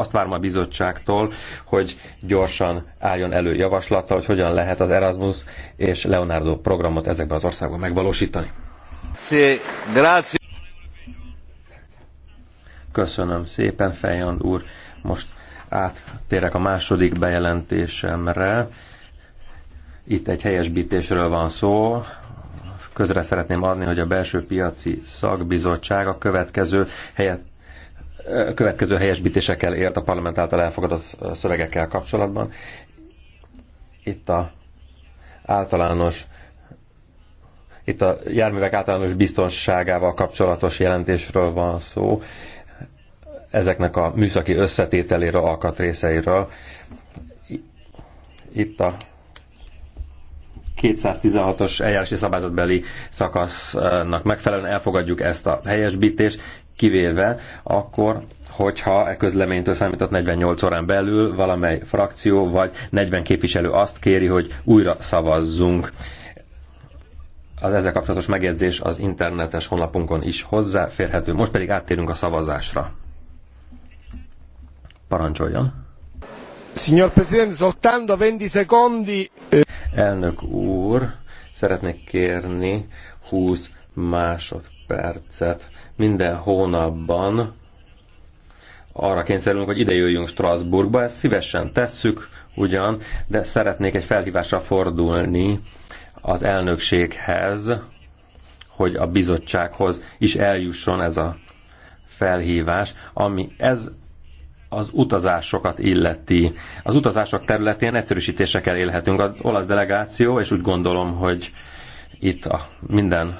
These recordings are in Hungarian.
Azt várom a bizottságtól, hogy gyorsan álljon elő javaslata, hogy hogyan lehet az Erasmus és Leonardo programot ezekben az országokban megvalósítani. Köszönöm szépen, Fejjand úr. Most áttérek a második bejelentésemre. Itt egy helyesbítésről van szó. Közre szeretném adni, hogy a belső piaci szakbizottság a következő helyett következő helyesbítésekkel ért a parlament által elfogadott szövegekkel kapcsolatban. Itt a általános itt a járművek általános biztonságával kapcsolatos jelentésről van szó, ezeknek a műszaki összetételéről, alkatrészeiről. Itt a 216-os eljárási szabályzatbeli szakasznak megfelelően elfogadjuk ezt a helyesbítést kivéve akkor, hogyha e közleménytől számított 48 órán belül valamely frakció vagy 40 képviselő azt kéri, hogy újra szavazzunk. Az ezzel kapcsolatos megjegyzés az internetes honlapunkon is hozzáférhető. Most pedig áttérünk a szavazásra. Parancsoljon! Signor Presidente, soltanto 20 secondi. Eh, Elnök úr, szeretnék kérni 20 másodperc percet minden hónapban arra kényszerülünk, hogy ide jöjjünk Strasbourgba, ezt szívesen tesszük ugyan, de szeretnék egy felhívásra fordulni az elnökséghez, hogy a bizottsághoz is eljusson ez a felhívás, ami ez az utazásokat illeti. Az utazások területén egyszerűsítésekkel élhetünk. Az olasz delegáció, és úgy gondolom, hogy itt a minden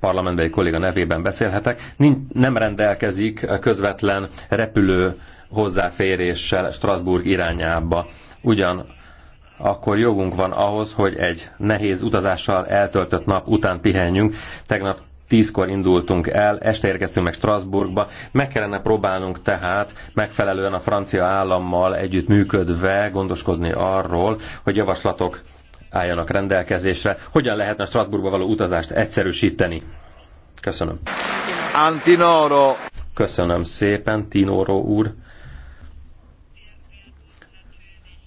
parlamentbeli kolléga nevében beszélhetek, nem rendelkezik közvetlen repülő hozzáféréssel Strasbourg irányába. Ugyan akkor jogunk van ahhoz, hogy egy nehéz utazással eltöltött nap után pihenjünk. Tegnap tízkor indultunk el, este érkeztünk meg Strasbourgba. Meg kellene próbálnunk tehát megfelelően a francia állammal együtt működve gondoskodni arról, hogy javaslatok álljanak rendelkezésre. Hogyan lehetne a Strasbourgba való utazást egyszerűsíteni? Köszönöm. Antinoro. Köszönöm szépen, Tinoro úr.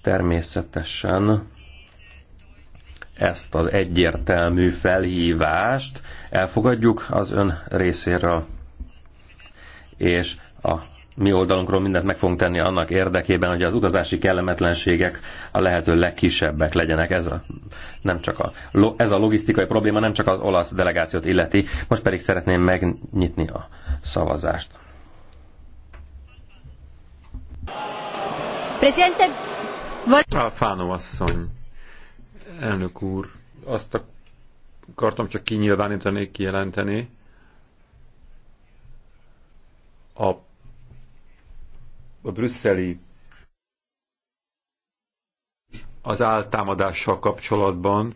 Természetesen ezt az egyértelmű felhívást elfogadjuk az ön részéről, és a mi oldalunkról mindent meg fogunk tenni annak érdekében, hogy az utazási kellemetlenségek a lehető legkisebbek legyenek. Ez a, nem csak a, ez a logisztikai probléma nem csak az olasz delegációt illeti. Most pedig szeretném megnyitni a szavazást. Presidente... Fánó asszony, elnök úr, azt akartam csak kinyilvánítani, kijelenteni, a a brüsszeli az áltámadással kapcsolatban,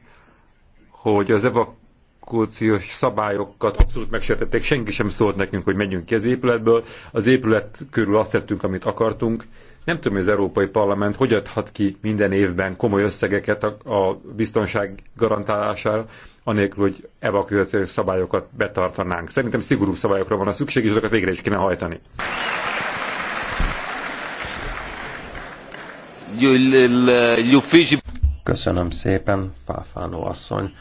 hogy az evakuációs szabályokat abszolút megsértették, senki sem szólt nekünk, hogy menjünk ki az épületből, az épület körül azt tettünk, amit akartunk. Nem tudom, hogy az Európai Parlament hogy adhat ki minden évben komoly összegeket a, a biztonság garantálására, anélkül, hogy evakuációs szabályokat betartanánk. Szerintem szigorú szabályokra van a szükség, és azokat végre is kéne hajtani. gli uffici... Köszönöm szépen, Páfánó asszony.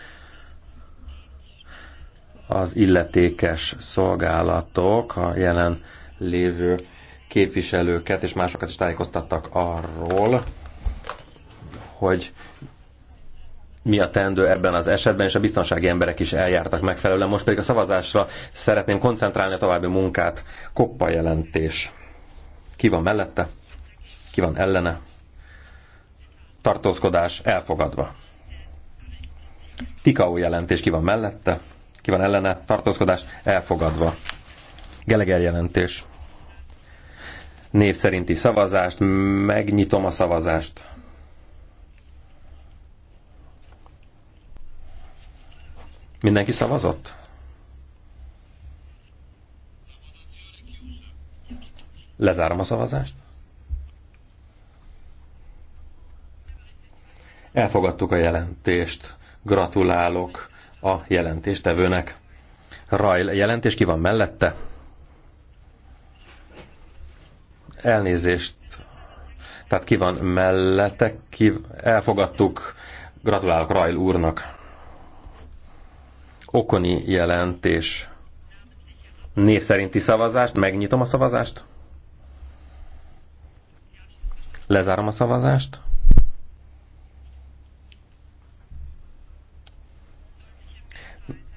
Az illetékes szolgálatok a jelen lévő képviselőket és másokat is tájékoztattak arról, hogy mi a teendő ebben az esetben, és a biztonsági emberek is eljártak megfelelően. Most pedig a szavazásra szeretném koncentrálni a további munkát. Koppa jelentés. Ki van mellette? Ki van ellene? tartózkodás elfogadva. Tikaó jelentés ki van mellette, ki van ellene, tartózkodás elfogadva. Geleger jelentés. Név szerinti szavazást, megnyitom a szavazást. Mindenki szavazott? Lezárom a szavazást. Elfogadtuk a jelentést. Gratulálok a jelentéstevőnek. Rajl jelentés ki van mellette? Elnézést. Tehát ki van mellette? Ki... Elfogadtuk. Gratulálok Rajl úrnak. Okoni jelentés. Név szerinti szavazást. Megnyitom a szavazást. Lezárom a szavazást.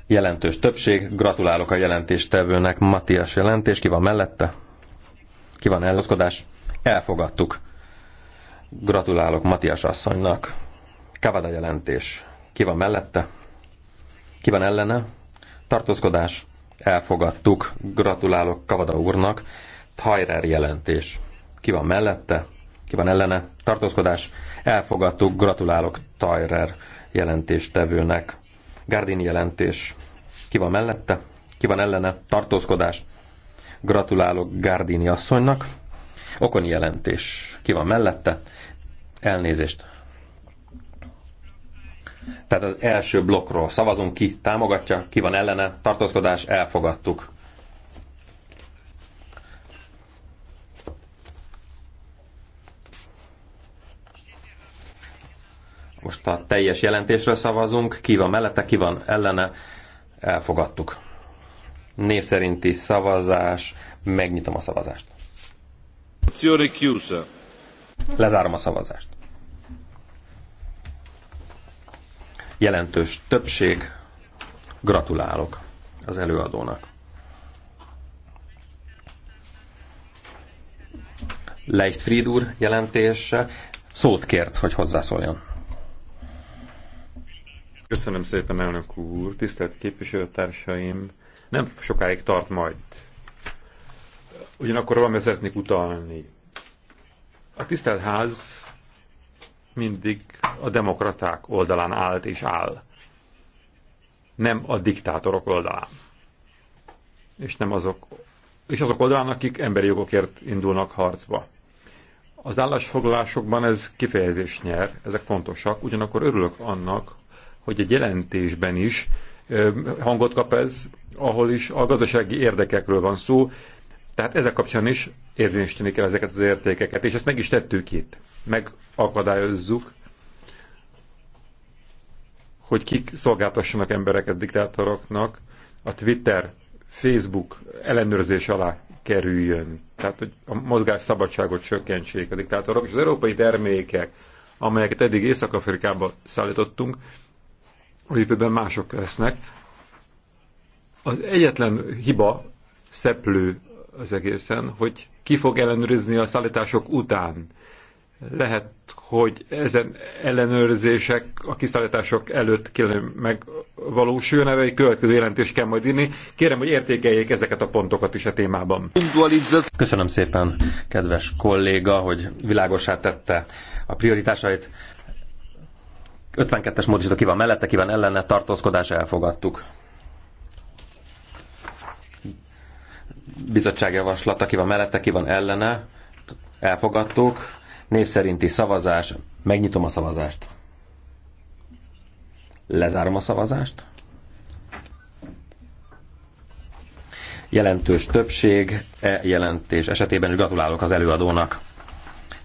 jelentős többség. Gratulálok a jelentéstevőnek, Matias jelentés. Ki van mellette? Ki van ellenzkodás? Elfogadtuk. Gratulálok Matias asszonynak. Kavada jelentés. Ki van mellette? Ki van ellene? Tartózkodás. Elfogadtuk. Gratulálok Kavada úrnak. Tajrer jelentés. Ki van mellette? Ki van ellene? Tartózkodás. Elfogadtuk. Gratulálok Tajrer jelentéstevőnek. Gardini jelentés. Ki van mellette? Ki van ellene? Tartózkodás. Gratulálok Gardini asszonynak. Okoni jelentés. Ki van mellette? Elnézést. Tehát az első blokkról szavazunk ki, támogatja, ki van ellene, tartózkodás, elfogadtuk. Most a teljes jelentésre szavazunk. Ki van mellette, ki van ellene. Elfogadtuk. Név szerinti szavazás. Megnyitom a szavazást. Lezárom a szavazást. Jelentős többség. Gratulálok az előadónak. Fried úr jelentése szót kért, hogy hozzászóljon. Köszönöm szépen, elnök úr, tisztelt képviselőtársaim. Nem sokáig tart majd. Ugyanakkor valamire szeretnék utalni. A tisztelt ház mindig a demokraták oldalán állt és áll. Nem a diktátorok oldalán. És nem azok, és azok oldalán, akik emberi jogokért indulnak harcba. Az állásfoglalásokban ez kifejezés nyer, ezek fontosak, ugyanakkor örülök annak, hogy egy jelentésben is hangot kap ez, ahol is a gazdasági érdekekről van szó, tehát ezek kapcsán is érvényesíteni kell ezeket az értékeket, és ezt meg is tettük itt. Megakadályozzuk, hogy kik szolgáltassanak embereket diktátoroknak, a Twitter, Facebook ellenőrzés alá kerüljön. Tehát, hogy a mozgás szabadságot csökkentsék a diktátorok, és az európai termékek, amelyeket eddig Észak-Afrikába szállítottunk, a jövőben mások lesznek. Az egyetlen hiba szeplő az egészen, hogy ki fog ellenőrizni a szállítások után. Lehet, hogy ezen ellenőrzések a kiszállítások előtt kéne megvalósuljon, vagy egy következő jelentést kell majd írni. Kérem, hogy értékeljék ezeket a pontokat is a témában. Köszönöm szépen, kedves kolléga, hogy világosát tette a prioritásait. 52-es módosító ki van mellette, ki van ellene, tartózkodás elfogadtuk. Bizottságjavaslata ki van mellette, ki van ellene, elfogadtuk. Név szerinti szavazás, megnyitom a szavazást. Lezárom a szavazást. Jelentős többség e jelentés esetében is gratulálok az előadónak.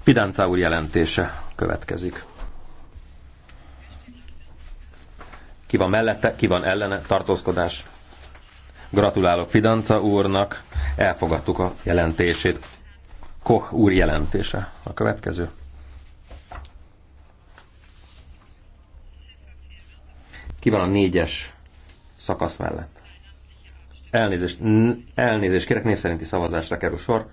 Fidánca úr jelentése következik. Ki van mellette, ki van ellene, tartózkodás. Gratulálok Fidanca úrnak, elfogadtuk a jelentését. Koch úr jelentése a következő. Ki van a négyes szakasz mellett? Elnézést, elnézést kérek, név szerinti szavazásra kerül sor.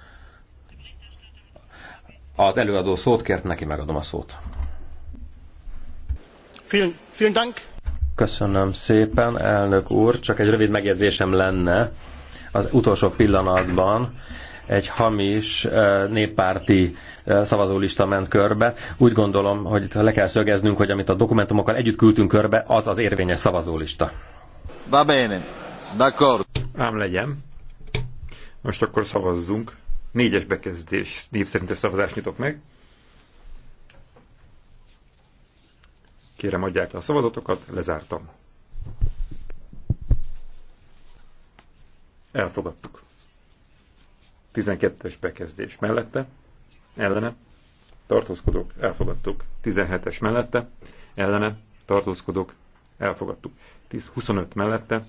Az előadó szót kért, neki megadom a szót. Vielen, vielen Dank. Köszönöm szépen, elnök úr. Csak egy rövid megjegyzésem lenne az utolsó pillanatban egy hamis eh, néppárti eh, szavazólista ment körbe. Úgy gondolom, hogy itt le kell szögeznünk, hogy amit a dokumentumokkal együtt küldtünk körbe, az az érvényes szavazólista. Va bene. D'accord. Ám legyen. Most akkor szavazzunk. Négyes bekezdés. Név szerint a szavazást nyitok meg. Kérem, adják le a szavazatokat, lezártam. Elfogadtuk. 12-es bekezdés mellette, ellene, tartózkodók, elfogadtuk. 17-es mellette, ellene, tartózkodók, elfogadtuk. 10, 25 mellette,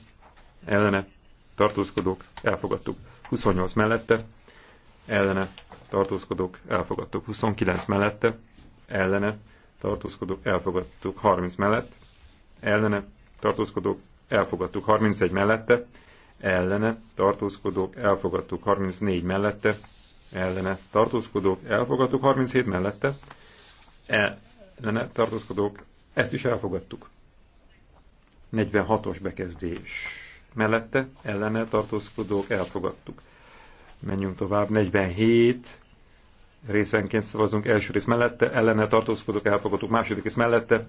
ellene, tartózkodók, elfogadtuk. 28 mellette, ellene, tartózkodók, elfogadtuk. 29 mellette, ellene, tartózkodók, elfogadtuk 30 mellett, ellene tartózkodók, elfogadtuk 31 mellette, ellene tartózkodók, elfogadtuk 34 mellette, ellene tartózkodók, elfogadtuk 37 mellette, ellene tartózkodók, ezt is elfogadtuk. 46-os bekezdés mellette, ellene tartózkodók, elfogadtuk. Menjünk tovább, 47 részenként szavazunk, első rész mellette, ellene tartózkodók elfogadtuk, második rész mellette,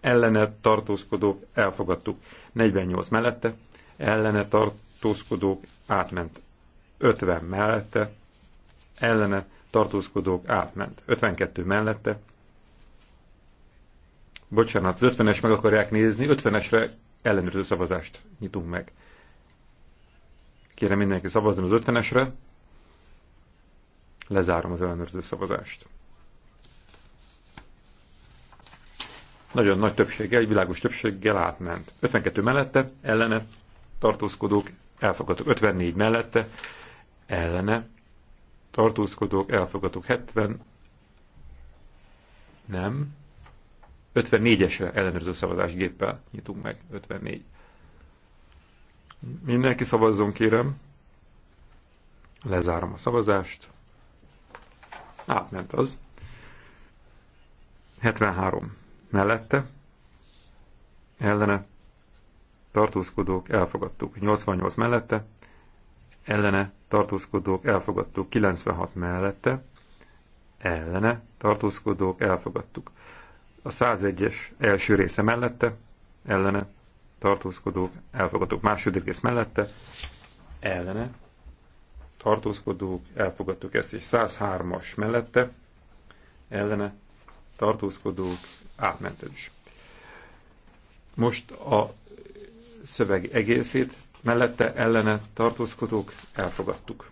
ellene tartózkodók elfogadtuk, 48 mellette, ellene tartózkodók átment, 50 mellette, ellene tartózkodók átment, 52 mellette, bocsánat, az 50-es meg akarják nézni, 50-esre ellenőrző szavazást nyitunk meg. Kérem mindenki szavazzon az 50-esre, Lezárom az ellenőrző szavazást. Nagyon nagy többséggel, egy világos többséggel átment. 52 mellette, ellene, tartózkodók, elfogadók. 54 mellette, ellene, tartózkodók, elfogadók. 70, nem, 54-esre ellenőrző szavazás géppel nyitunk meg, 54. Mindenki szavazzon, kérem. Lezárom a szavazást. Átment az. 73. Mellette. Ellene. Tartózkodók. Elfogadtuk. 88 mellette. Ellene. Tartózkodók. Elfogadtuk. 96 mellette. Ellene. Tartózkodók. Elfogadtuk. A 101-es első része mellette. Ellene. Tartózkodók. Elfogadtuk. Második rész mellette. Ellene tartózkodók, elfogadtuk ezt és 103-as mellette, ellene tartózkodók, átment is. Most a szöveg egészét mellette ellene tartózkodók elfogadtuk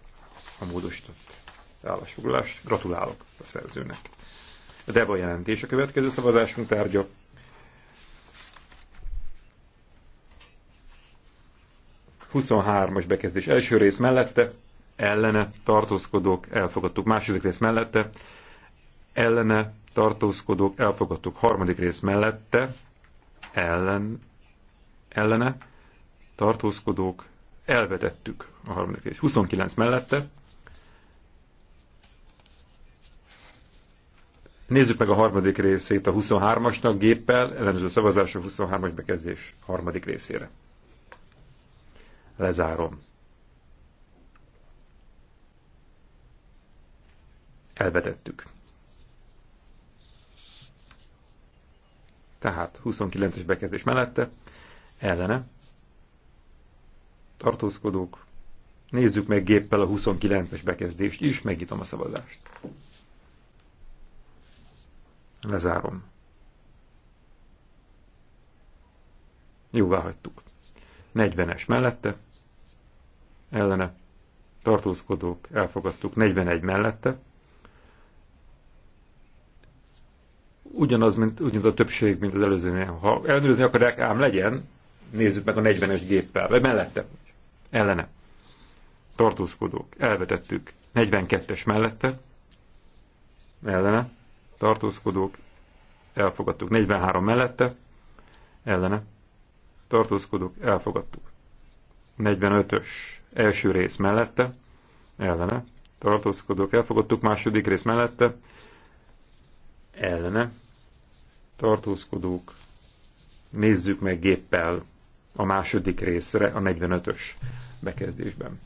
a módosított állásfoglalást. Gratulálok a szerzőnek. A DEVA jelentés a következő szavazásunk tárgya. as bekezdés első rész mellette ellene tartózkodók elfogadtuk. Második rész mellette ellene tartózkodók elfogadtuk. Harmadik rész mellette ellen, ellene tartózkodók elvetettük a harmadik rész. 29 mellette Nézzük meg a harmadik részét a 23-asnak géppel, ellenőrző szavazás a 23-as bekezdés harmadik részére. Lezárom. elvetettük. Tehát 29-es bekezdés mellette, ellene, tartózkodók, nézzük meg géppel a 29-es bekezdést is, megnyitom a szavazást. Lezárom. Jóvá hagytuk. 40-es mellette, ellene, tartózkodók, elfogadtuk 41 mellette, ugyanaz, mint ugyanaz a többség, mint az előzőnél. Ha ellenőrizni akarják, ám legyen, nézzük meg a 40-es géppel, vagy mellette, ellene. Tartózkodók, elvetettük. 42-es mellette, ellene. Tartózkodók, elfogadtuk. 43 mellette, ellene. Tartózkodók, elfogadtuk. 45-ös első rész mellette, ellene. Tartózkodók, elfogadtuk. Második rész mellette, ellene tartózkodók, nézzük meg géppel a második részre, a 45-ös bekezdésben.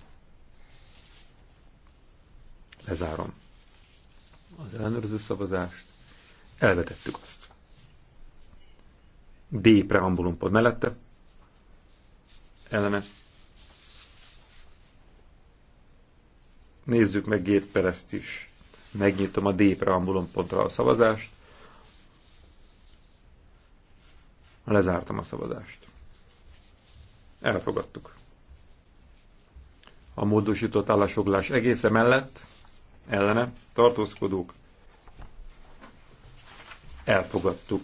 Lezárom az ellenőrző szavazást, elvetettük azt. D preambulumpod mellette, ellene. Nézzük meg géppel ezt is. Megnyitom a D pontra a szavazást. Lezártam a szavazást. Elfogadtuk. A módosított állásfoglalás egésze mellett ellene tartózkodók. Elfogadtuk.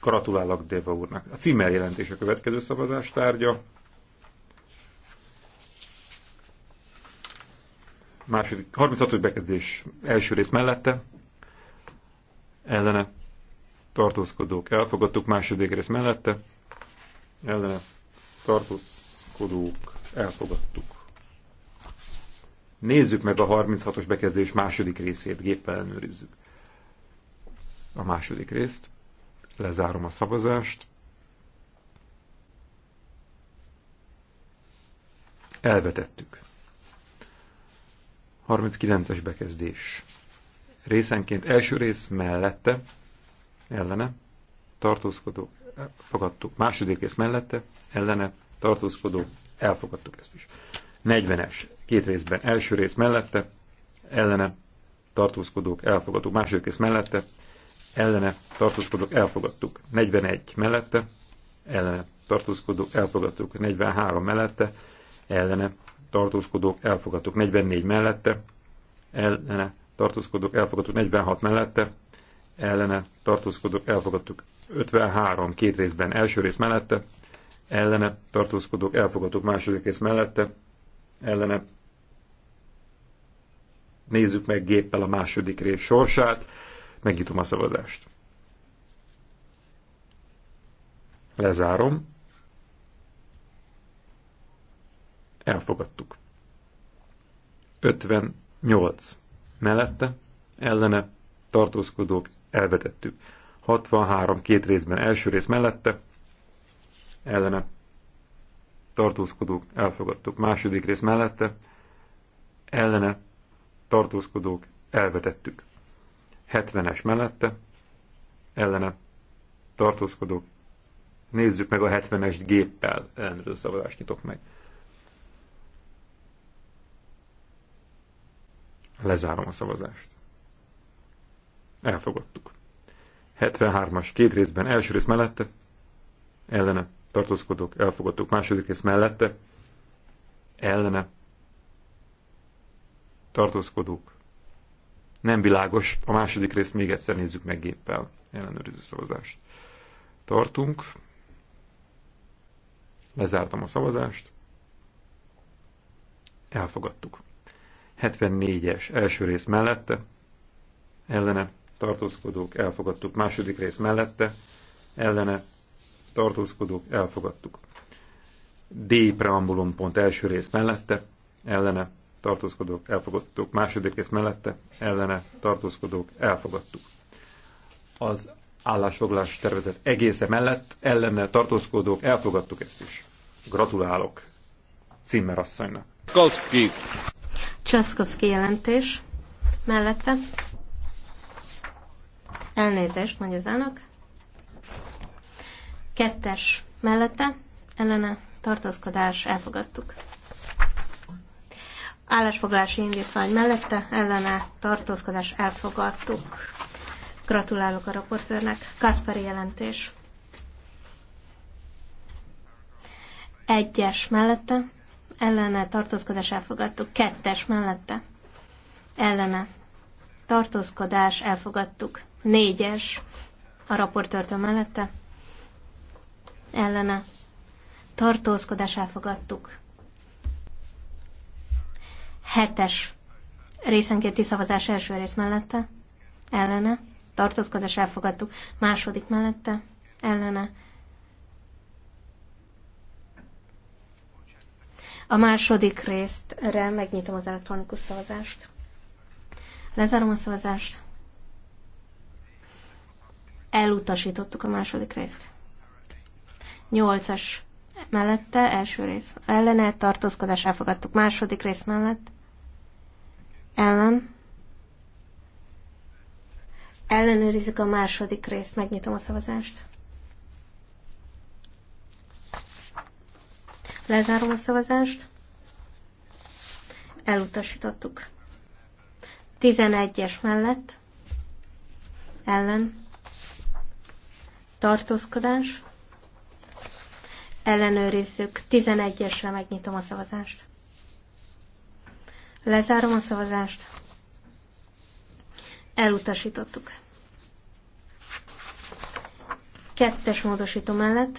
Gratulálok Deva úrnak. A címmel jelentés a következő szavazás tárgya. Második, 36. bekezdés első rész mellette. Ellene tartózkodók elfogadtuk, második rész mellette, ellene tartózkodók elfogadtuk. Nézzük meg a 36-os bekezdés második részét, géppel ellenőrizzük. A második részt, lezárom a szavazást, elvetettük. 39-es bekezdés. Részenként első rész mellette, ellene, tartózkodó fogadtuk Második rész mellette, ellene, tartózkodó elfogadtuk ezt is. 40-es, két részben, első rész mellette, ellene, tartózkodók, elfogadtuk. Második rész mellette, ellene, tartózkodók, elfogadtuk. 41 mellette, ellene, tartózkodók, elfogadtuk. 43 mellette, ellene, tartózkodók, elfogadtuk. 44 mellette, ellene, tartózkodók, elfogadtuk. 46 mellette, ellene tartózkodók elfogadtuk. 53 két részben első rész mellette, ellene tartózkodók elfogadtuk második rész mellette, ellene nézzük meg géppel a második rész sorsát, megnyitom a szavazást. Lezárom. Elfogadtuk. 58 mellette, ellene tartózkodók elvetettük. 63 két részben első rész mellette, ellene tartózkodók elfogadtuk. Második rész mellette, ellene tartózkodók elvetettük. 70-es mellette, ellene tartózkodók. Nézzük meg a 70-es géppel, ellenőrző szavazást nyitok meg. Lezárom a szavazást. Elfogadtuk. 73-as két részben első rész mellette, ellene tartózkodók, elfogadtuk. Második rész mellette, ellene tartózkodók. Nem világos, a második részt még egyszer nézzük meg géppel, ellenőriző szavazást. Tartunk, lezártam a szavazást, elfogadtuk. 74-es első rész mellette, ellene tartózkodók, elfogadtuk. Második rész mellette, ellene, tartózkodók, elfogadtuk. D preambulum pont első rész mellette, ellene, tartózkodók, elfogadtuk. Második rész mellette, ellene, tartózkodók, elfogadtuk. Az állásfoglalás tervezet egésze mellett, ellene, tartózkodók, elfogadtuk ezt is. Gratulálok Cimmer asszonynak. Koszki. Csaszkowski jelentés mellette Elnézést, mondja az elnök. Kettes mellette, ellene tartózkodás elfogadtuk. Állásfoglalási indítvány mellette, ellene tartózkodás elfogadtuk. Gratulálok a raportőrnek. Kaspari jelentés. Egyes mellette, ellene tartózkodás elfogadtuk. Kettes mellette, ellene tartózkodás elfogadtuk. Négyes. A raportörtön mellette. Ellene. Tartózkodás elfogadtuk. Hetes. Részenkénti szavazás első rész mellette. Ellene. Tartózkodás elfogadtuk. Második mellette. Ellene. A második résztre megnyitom az elektronikus szavazást. Lezárom a szavazást. Elutasítottuk a második részt. Nyolcas mellette, első rész ellene, tartózkodás elfogadtuk második rész mellett, ellen. Ellenőrizzük a második részt, megnyitom a szavazást. Lezárom a szavazást. Elutasítottuk. 11-es mellett, ellen tartózkodás. Ellenőrizzük. 11-esre megnyitom a szavazást. Lezárom a szavazást. Elutasítottuk. Kettes módosító mellett.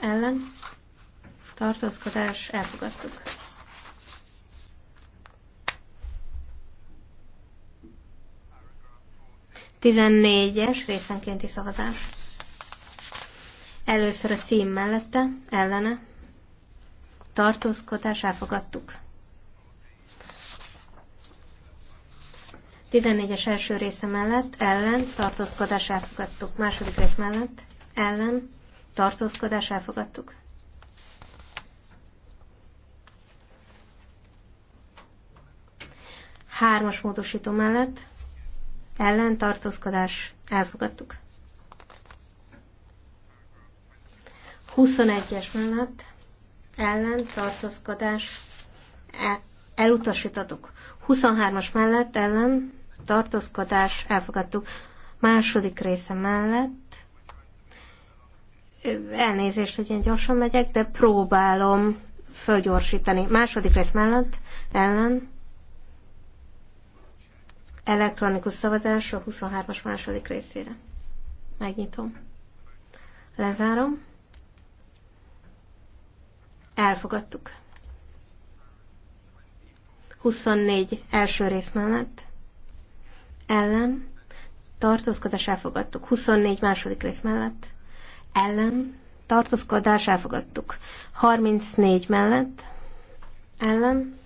Ellen. Tartózkodás. Elfogadtuk. 14-es részenkénti szavazás. Először a cím mellette, ellene. Tartózkodás elfogadtuk. 14-es első része mellett, ellen, tartózkodás elfogadtuk. Második rész mellett, ellen, tartózkodás elfogadtuk. Hármas módosító mellett, ellentartózkodás, elfogadtuk. 21-es mellett ellentartózkodás, el, elutasítottuk. 23-as mellett ellen tartózkodás, elfogadtuk. Második része mellett elnézést, hogy én gyorsan megyek, de próbálom fölgyorsítani. Második rész mellett ellen Elektronikus szavazás a 23-as második részére. Megnyitom. Lezárom. Elfogadtuk. 24 első rész mellett. Ellen. Tartózkodás elfogadtuk. 24 második rész mellett. Ellen. Tartózkodás elfogadtuk. 34 mellett. Ellen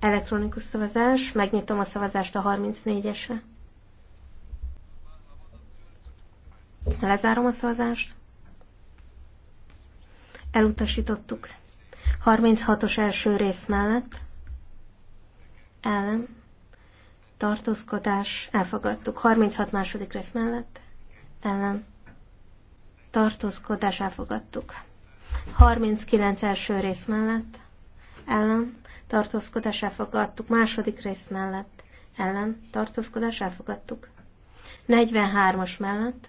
Elektronikus szavazás. Megnyitom a szavazást a 34-esre. Lezárom a szavazást. Elutasítottuk. 36-os első rész mellett. Ellen. Tartózkodás. Elfogadtuk. 36 második rész mellett. Ellen. Tartózkodás. Elfogadtuk. 39 első rész mellett. Ellen tartózkodás elfogadtuk. Második rész mellett ellen tartózkodás elfogadtuk. 43-as mellett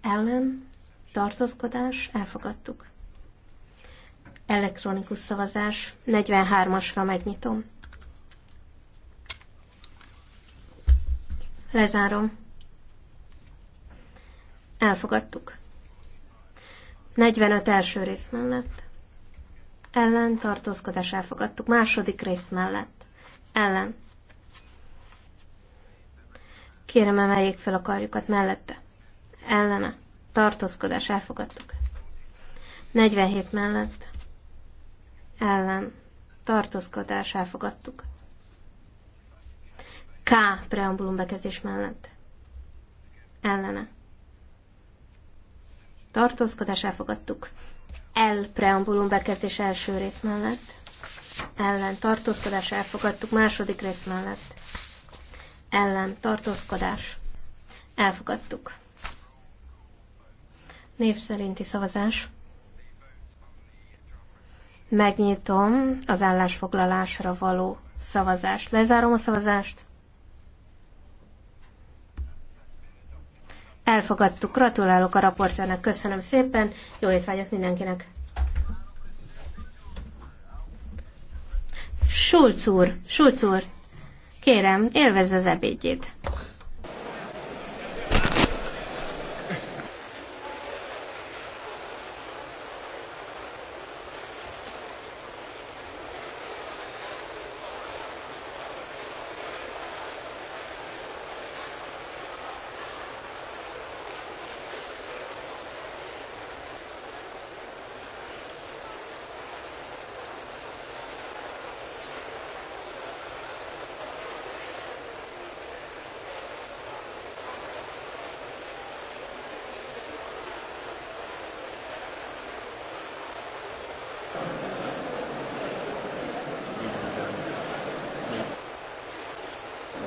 ellen tartózkodás elfogadtuk. Elektronikus szavazás 43-asra megnyitom. Lezárom. Elfogadtuk. 45 első rész mellett ellen tartózkodás elfogadtuk. Második rész mellett ellen. Kérem, emeljék fel a karjukat mellette. Ellene. Tartózkodás elfogadtuk. 47 mellett ellen tartózkodás elfogadtuk. K. preambulum bekezés mellett. Ellene. Tartózkodás elfogadtuk el preambulum bekezdés első rész mellett, ellen tartózkodás elfogadtuk második rész mellett, ellen tartózkodás elfogadtuk. Név szerinti szavazás. Megnyitom az állásfoglalásra való szavazást. Lezárom a szavazást. Elfogadtuk. Gratulálok a raportjának Köszönöm szépen. Jó étvágyat mindenkinek. Schulz úr, Schulz úr, kérem, élvezze az ebédjét.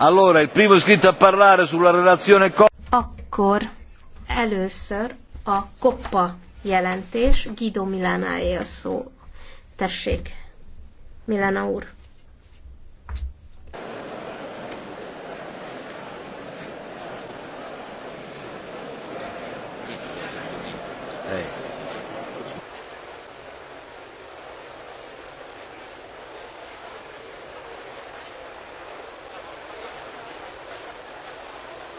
Allora, il primo iscritto a parlare sulla relazione... Akkor először a koppa jelentés, Guido Milánáé a szó. Tessék, Milana úr.